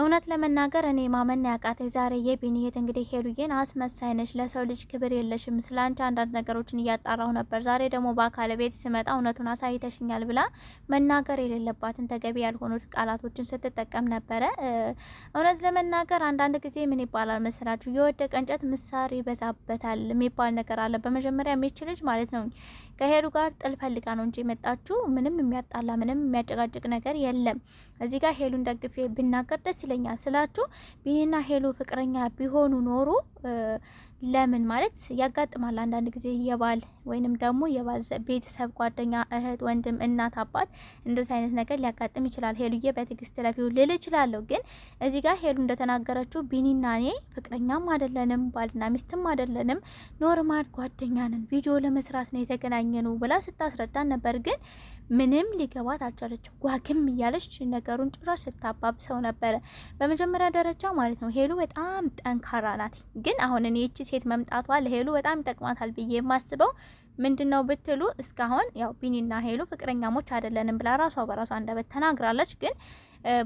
እውነት ለመናገር እኔ ማመን ያቃተ ዛሬ የቢኒሄት እንግዲህ ሄሉዬን አስመሳይ ነች ለሰው ልጅ ክብር የለሽም፣ ስለ አንቺ አንዳንድ ነገሮችን እያጣራሁ ነበር፣ ዛሬ ደግሞ በአካል ቤት ስመጣ እውነቱን አሳይተሽኛል ብላ መናገር የሌለባትን ተገቢ ያልሆኑት ቃላቶችን ስትጠቀም ነበረ። እውነት ለመናገር አንዳንድ ጊዜ ምን ይባላል መሰላችሁ የወደቀ እንጨት ምሳር ይበዛበታል የሚባል ነገር አለ። በመጀመሪያ የሚችል ልጅ ማለት ነው ከሄሉ ጋር ጥል ፈልጋ ነው እንጂ የመጣችሁ ምንም የሚያጣላ ምንም የሚያጨቃጭቅ ነገር የለም። እዚህ ጋር ሄሉን ደግፌ ብናገር ደስ ይለኛል ስላችሁ ቢኒና ሄሉ ፍቅረኛ ቢሆኑ ኖሮ ለምን ማለት ያጋጥማል። አንዳንድ ጊዜ የባል ወይንም ደግሞ የባል ቤተሰብ፣ ጓደኛ፣ እህት፣ ወንድም፣ እናት፣ አባት እንደዚህ አይነት ነገር ሊያጋጥም ይችላል። ሄሉዬ በትዕግስት ለፊው ልል እችላለሁ። ግን እዚህ ጋር ሄሉ እንደተናገረችው ቢኒና እኔ ፍቅረኛም አይደለንም ባልና ሚስትም አይደለንም፣ ኖርማል ጓደኛ ነን፣ ቪዲዮ ለመስራት ነው ነው ብላ ስታስረዳን ነበር። ግን ምንም ሊገባት አልቻለችም። ጓግም እያለች ነገሩን ጭራሽ ስታባብ ሰው ነበረ። በመጀመሪያ ደረጃ ማለት ነው ሄሉ በጣም ጠንካራ ናት። ግን አሁን እኔ እቺ ሴት መምጣቷ ለሄሉ በጣም ይጠቅማታል ብዬ የማስበው ምንድን ነው ብትሉ እስካሁን ያው ቢኒና ሄሉ ፍቅረኛሞች አይደለንም ብላ ራሷ በራሷ አንደበት ተናግራለች። ግን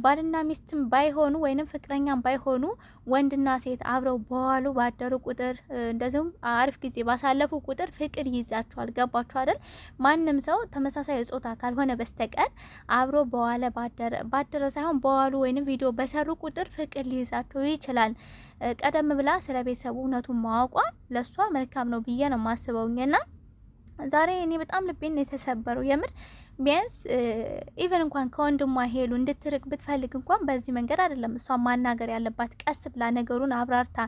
ባልና ሚስትም ባይሆኑ ወይንም ፍቅረኛም ባይሆኑ ወንድና ሴት አብረው በዋሉ ባደሩ ቁጥር እንደዚሁም አሪፍ ጊዜ ባሳለፉ ቁጥር ፍቅር ይይዛቸዋል። ገባችሁ አይደል? ማንም ሰው ተመሳሳይ ጾታ ካልሆነ በስተቀር አብሮ በዋለ ባደረ ሳይሆን በዋሉ ወይንም ቪዲዮ በሰሩ ቁጥር ፍቅር ሊይዛቸው ይችላል። ቀደም ብላ ስለ ቤተሰቡ እውነቱን ማወቋ ለእሷ መልካም ነው ብዬ ነው ማስበውኝና ዛሬ እኔ በጣም ልቤን የተሰበረው የምር ቢያንስ ኢቨን እንኳን ከወንድሟ ሄሉ እንድትርቅ ብትፈልግ እንኳን በዚህ መንገድ አይደለም እሷ ማናገር ያለባት። ቀስ ብላ ነገሩን አብራርታ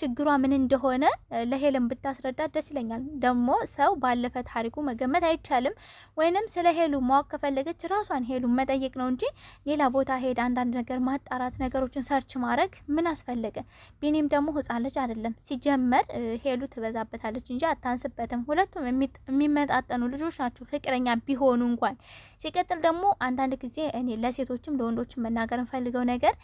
ችግሯ ምን እንደሆነ ለሄለን ብታስረዳት ደስ ይለኛል። ደግሞ ሰው ባለፈ ታሪኩ መገመት አይቻልም። ወይንም ስለ ሄሉ ማወቅ ከፈለገች ራሷን ሄሉ መጠየቅ ነው እንጂ ሌላ ቦታ ሄድ አንዳንድ ነገር ማጣራት፣ ነገሮችን ሰርች ማድረግ ምን አስፈለገ? ቢኒም ደግሞ ህጻን ልጅ አይደለም። ሲጀመር ሄሉ ትበዛበታለች እንጂ አታንስበትም። ሁለቱም የሚመጣጠኑ ልጆች ናቸው ፍቅረኛ ቢሆኑ እንኳን ይሆናል። ሲቀጥል ደግሞ አንዳንድ ጊዜ እኔ ለሴቶችም ለወንዶችም መናገር እንፈልገው ነገር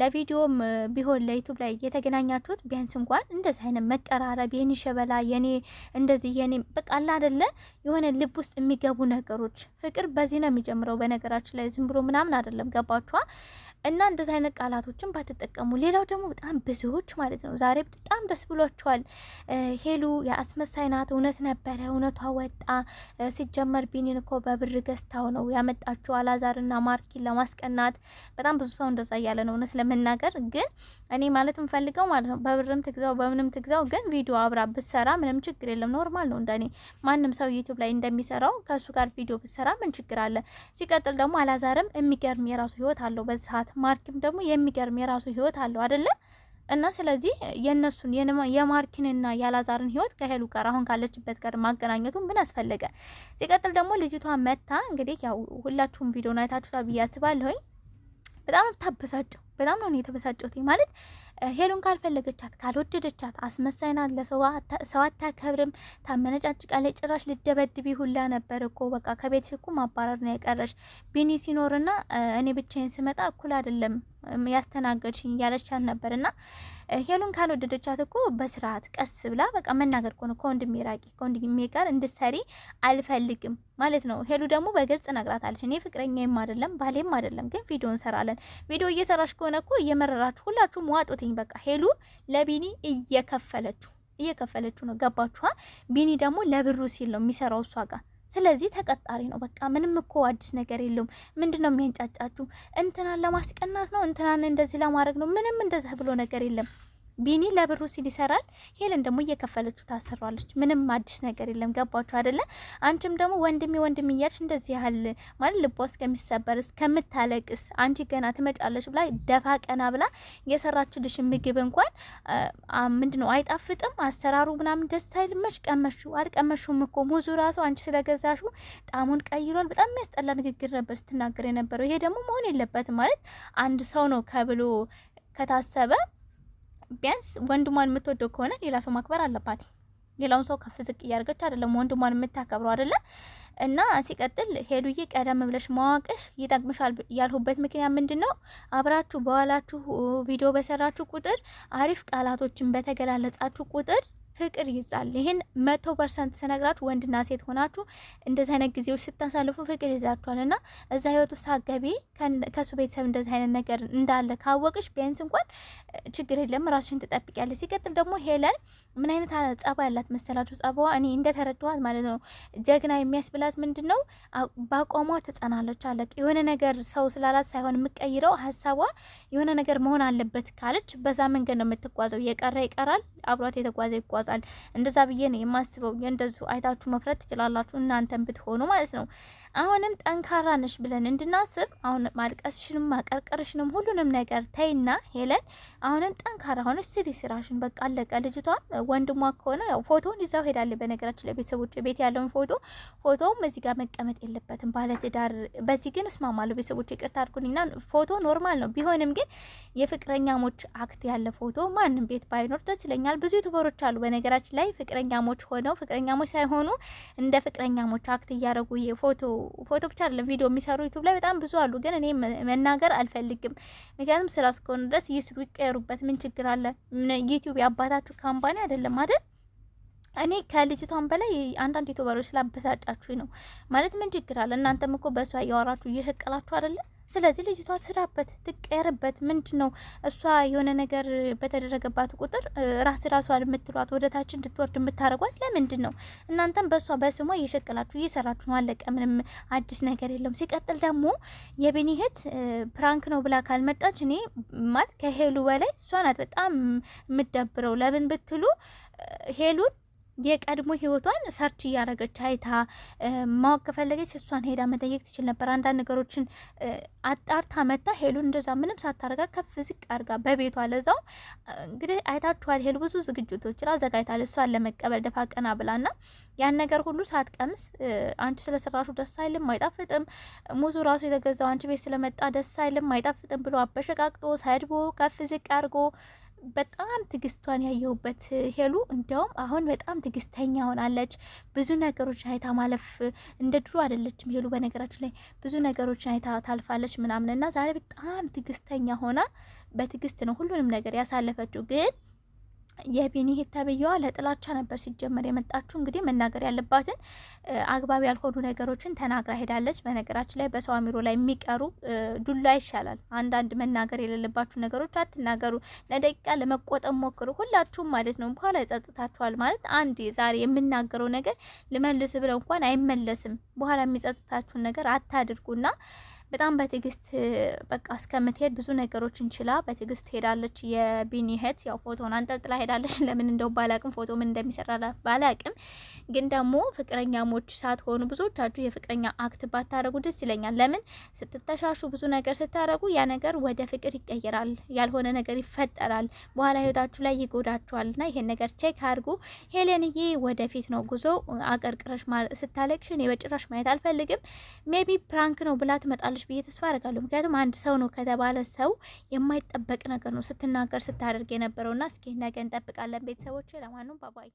ለቪዲዮም ቢሆን ለዩቱብ ላይ የተገናኛችሁት ቢያንስ እንኳን እንደዚህ አይነት መቀራረብ የኔ ሸበላ የኔ እንደዚህ የኔ በቃ አደለ የሆነ ልብ ውስጥ የሚገቡ ነገሮች ፍቅር በዚህ ነው የሚጀምረው። በነገራችን ላይ ዝም ብሎ ምናምን አይደለም። ገባችኋ? እና እንደዚህ አይነት ቃላቶችን ባትጠቀሙ። ሌላው ደግሞ በጣም ብዙዎች ማለት ነው ዛሬ በጣም ደስ ብሏቸዋል። ሄሉ የአስመሳይ ናት፣ እውነት ነበረ፣ እውነቷ ወጣ። ሲጀመር ቢኒን እኮ በብር ገ ደስታው ነው ያመጣችው አላዛርና ማርኪን ለማስቀናት በጣም ብዙ ሰው እንደዛ እያለ ነው። እውነት ለመናገር ግን እኔ ማለት ምፈልገው ማለት ነው በብርም ትግዛው በምንም ትግዛው ግን ቪዲዮ አብራ ብሰራ ምንም ችግር የለም፣ ኖርማል ነው። እንደኔ ማንም ሰው ዩቲዩብ ላይ እንደሚሰራው ከእሱ ጋር ቪዲዮ ብሰራ ምን ችግር አለ? ሲቀጥል ደግሞ አላዛርም የሚገርም የራሱ ህይወት አለው በዚህ ሰዓት፣ ማርኪም ደግሞ የሚገርም የራሱ ህይወት አለው አይደለም እና ስለዚህ የእነሱን የማርኪንና ያላዛርን ህይወት ከሄሉ ጋር አሁን ካለችበት ጋር ማገናኘቱ ምን አስፈለገ? ሲቀጥል ደግሞ ልጅቷ መታ እንግዲህ ያው ሁላችሁም ቪዲዮ ናይታችሁታ ብዬ አስባለሁኝ። በጣም ታበሳጨው። በጣም ነው የተበሳጨሁት ማለት ሄሉን ካልፈለገቻት ካልወደደቻት፣ አስመሳይ ናት፣ ለሰው አታከብርም፣ ታመነጫጭቃለች፣ ጭራሽ ልደበድቢ ሁላ ነበር እኮ በቃ ከቤትሽ እኮ ማባረር ነው የቀረሽ። ቢኒ ሲኖርና እኔ ብቻዬን ስመጣ እኩል አይደለም ያስተናገድሽኝ እያለቻት ነበር። እና ሄሉን ካልወደደቻት እኮ በስርዓት ቀስ ብላ በቃ መናገር ከሆነ ከወንድሜ ራቂ፣ ከወንድሜ ጋር እንድሰሪ አልፈልግም ማለት ነው። ሄሉ ደግሞ በግልጽ ነግራታለች። እኔ ፍቅረኛዬም አይደለም ባሌም አይደለም፣ ግን ቪዲዮ እንሰራለን። ቪዲዮ እየሰራሽ ከሆነ እኮ እየመረራችሁ ሁላችሁም ዋጡትኝ አለብኝ። በቃ ሄሉ ለቢኒ እየከፈለችው እየከፈለችው ነው። ገባችኋ? ቢኒ ደግሞ ለብሩ ሲል ነው የሚሰራው እሷ ጋር ስለዚህ ተቀጣሪ ነው። በቃ ምንም እኮ አዲስ ነገር የለውም። ምንድን ነው የሚያንጫጫችሁ? እንትናን ለማስቀናት ነው፣ እንትናን እንደዚህ ለማድረግ ነው። ምንም እንደዚህ ብሎ ነገር የለም። ቢኒ ለብሩ ሲል ይሰራል። ሄለን ደግሞ እየከፈለችው ታሰሯለች። ምንም አዲስ ነገር የለም። ገባችሁ አይደለ? አንቺም ደግሞ ወንድሜ ወንድሜ እያልሽ እንደዚህ ያህል ማለት ልቧ እስከሚሰበር እስከምታለቅስ አንቺ ገና ትመጫለች ብላ ደፋ ቀና ብላ የሰራችልሽ ምግብ እንኳን ምንድነው አይጣፍጥም፣ አሰራሩ ምናምን ደስ አይልም። መች ቀመሹ አልቀመሹም እኮ ሙዙ ራሱ አንቺ ስለገዛሹ ጣሙን ቀይሯል። በጣም የሚያስጠላ ንግግር ነበር ስትናገር የነበረው። ይሄ ደግሞ መሆን የለበትም ማለት አንድ ሰው ነው ከብሎ ከታሰበ ቢያንስ ወንድሟን የምትወደው ከሆነ ሌላ ሰው ማክበር አለባት። ሌላውን ሰው ከፍ ዝቅ እያደረገች አይደለም ወንድሟን የምታከብረው አይደለም። እና ሲቀጥል ሄዱዬ ቀደም ብለሽ ማዋቅሽ ይጠቅምሻል ያልሁበት ምክንያት ምንድን ነው? አብራችሁ በኋላችሁ ቪዲዮ በሰራችሁ ቁጥር አሪፍ ቃላቶችን በተገላለጻችሁ ቁጥር ፍቅር ይዛል። ይህን መቶ ፐርሰንት ስነግራችሁ ወንድና ሴት ሆናችሁ እንደዚህ አይነት ጊዜዎች ስታሳልፉ ፍቅር ይዛችኋል እና እዛ ህይወት ውስጥ አገቢ ከእሱ ቤተሰብ እንደዚህ አይነት ነገር እንዳለ ካወቅሽ ቢያንስ እንኳን ችግር የለም ራስሽን ትጠብቂያለሽ። ሲቀጥል ደግሞ ሄለን ምን አይነት ጸባ ያላት መሰላችሁ? ጸባዋ እኔ እንደተረድኋት ማለት ነው ጀግና የሚያስብላት ምንድን ነው በአቋሟ ትጸናለች። አለ የሆነ ነገር ሰው ስላላት ሳይሆን የምቀይረው ሀሳቧ የሆነ ነገር መሆን አለበት ካለች በዛ መንገድ ነው የምትጓዘው። የቀረ ይቀራል፣ አብሯት የተጓዘ ይጓዛል። ይወጣል። እንደዛ ብዬ ነው የማስበው። የእንደዙ አይታችሁ መፍረት ትችላላችሁ እናንተን ብትሆኑ ማለት ነው። አሁንም ጠንካራ ነሽ ብለን እንድናስብ አሁን ማልቀስሽንም ማቀርቀርሽንም ሁሉንም ነገር ተይና ሄለን አሁንም ጠንካራ ሆነሽ ስሪ ስራሽን። በቃ አለቀ። ልጅቷም ወንድሟ ከሆነ ያው ፎቶውን ይዛው ሄዳለ በነገራችን ለቤተሰቦች ቤት ያለውን ፎቶ ፎቶውም እዚህ ጋር መቀመጥ የለበትም ባለትዳር። በዚህ ግን እስማማለሁ። ቤተሰቦች ይቅርታ አድርጉኝና ፎቶ ኖርማል ነው። ቢሆንም ግን የፍቅረኛሞች አክት ያለ ፎቶ ማንም ቤት ባይኖር ደስ ይለኛል። ብዙ ዩቱበሮች አሉ በነገራችን ላይ ፍቅረኛሞች ሆነው ፍቅረኛሞች ሳይሆኑ እንደ ፍቅረኛሞች አክት እያደረጉ የፎቶ ፎቶ ብቻ አይደለም ቪዲዮ የሚሰሩ ዩቱብ ላይ በጣም ብዙ አሉ። ግን እኔ መናገር አልፈልግም፣ ምክንያቱም ስራ እስከሆነ ድረስ ይስሩ፣ ይቀየሩበት። ምን ችግር አለ? ዩቱብ የአባታችሁ ካምፓኒ አይደለም አይደል? እኔ ከልጅቷን በላይ አንዳንድ ዩቱበሮች ስላበሳጫችሁ ነው ማለት ምን ችግር አለ? እናንተም እኮ በእሷ እያወራችሁ እየሸቀላችሁ አይደለም ስለዚህ ልጅቷ ስራበት ትቀየርበት። ምንድን ነው እሷ የሆነ ነገር በተደረገባት ቁጥር ራስ ራሷን የምትሏት ወደታች እንድትወርድ የምታደርጓት ለምንድን ነው? እናንተም በእሷ በስሟ እየሸቀላችሁ እየሰራችሁ ነው። አለቀ። ምንም አዲስ ነገር የለውም። ሲቀጥል ደግሞ የቤኒ እህት ፕራንክ ነው ብላ ካልመጣች እኔ ማለት ከሄሉ በላይ እሷ ናት በጣም የምደብረው። ለምን ብትሉ ሄሉን የቀድሞ ህይወቷን ሰርች እያደረገች አይታ ማወቅ ከፈለገች እሷን ሄዳ መጠየቅ ትችል ነበር። አንዳንድ ነገሮችን አጣርታ መታ ሄሉን እንደዛ ምንም ሳታረጋ ከፍ ዝቅ አርጋ በቤቷ ለዛው እንግዲህ አይታችኋል። ሄሉ ብዙ ዝግጅቶችን አዘጋጅታል እሷን ለመቀበል ደፋ ቀና ብላና ያን ነገር ሁሉ ሳትቀምስ አንቺ ስለሰራሹ ደስ አይልም አይጣፍጥም፣ ሙዙ ራሱ የተገዛው አንቺ ቤት ስለመጣ ደስ አይልም አይጣፍጥም ብሎ አበሸቃቅጦ ሰድቦ ከፍ ዝቅ አርጎ በጣም ትግስቷን ያየሁበት ሄሉ እንዲያውም አሁን በጣም ትግስተኛ ሆናለች። ብዙ ነገሮች አይታ ማለፍ እንደ ድሮ አይደለችም ሄሉ። በነገራችን ላይ ብዙ ነገሮች አይታ ታልፋለች ምናምን እና ዛሬ በጣም ትግስተኛ ሆና በትግስት ነው ሁሉንም ነገር ያሳለፈችው ግን የቤኒ ተብዬዋ ለጥላቻ ነበር ሲጀመር የመጣችሁ። እንግዲህ መናገር ያለባትን አግባብ ያልሆኑ ነገሮችን ተናግራ ሄዳለች። በነገራችን ላይ በሰው አሚሮ ላይ የሚቀሩ ዱላ ይሻላል። አንዳንድ መናገር የሌለባችሁ ነገሮች አትናገሩ። ለደቂቃ ለመቆጠብ ሞክሩ፣ ሁላችሁም ማለት ነው። በኋላ ይጸጽታችኋል። ማለት አንድ ዛሬ የምናገረው ነገር ልመልስ ብለው እንኳን አይመለስም። በኋላ የሚጸጽታችሁን ነገር አታድርጉና በጣም በትዕግስት በቃ እስከምትሄድ ብዙ ነገሮች እንችላ በትዕግስት ሄዳለች። የቢኒ እህት ያው ፎቶን አንጠልጥላ ሄዳለች። ለምን እንደው ባላቅም ፎቶ ምን እንደሚሰራ ባላቅም፣ ግን ደግሞ ፍቅረኛሞች ሳትሆኑ ብዙዎቻችሁ የፍቅረኛ አክት ባታደረጉ ደስ ይለኛል። ለምን ስትተሻሹ ብዙ ነገር ስታደረጉ ያ ነገር ወደ ፍቅር ይቀየራል፣ ያልሆነ ነገር ይፈጠራል፣ በኋላ ህይወታችሁ ላይ ይጎዳችኋል። ና ይሄን ነገር ቼክ አድርጉ። ሄሌንዬ ወደፊት ነው ጉዞ። አቀርቅረሽ ስታለቅሽ እኔ በጭራሽ ማየት አልፈልግም። ሜቢ ፕራንክ ነው ብላ ትመጣለች ትችላለች ብዬ ተስፋ አደርጋለሁ። ምክንያቱም አንድ ሰው ነው ከተባለ ሰው የማይጠበቅ ነገር ነው ስትናገር ስታደርግ የነበረውና እስኪ ነገ እንጠብቃለን ቤተሰቦች። ለማንም ባባይ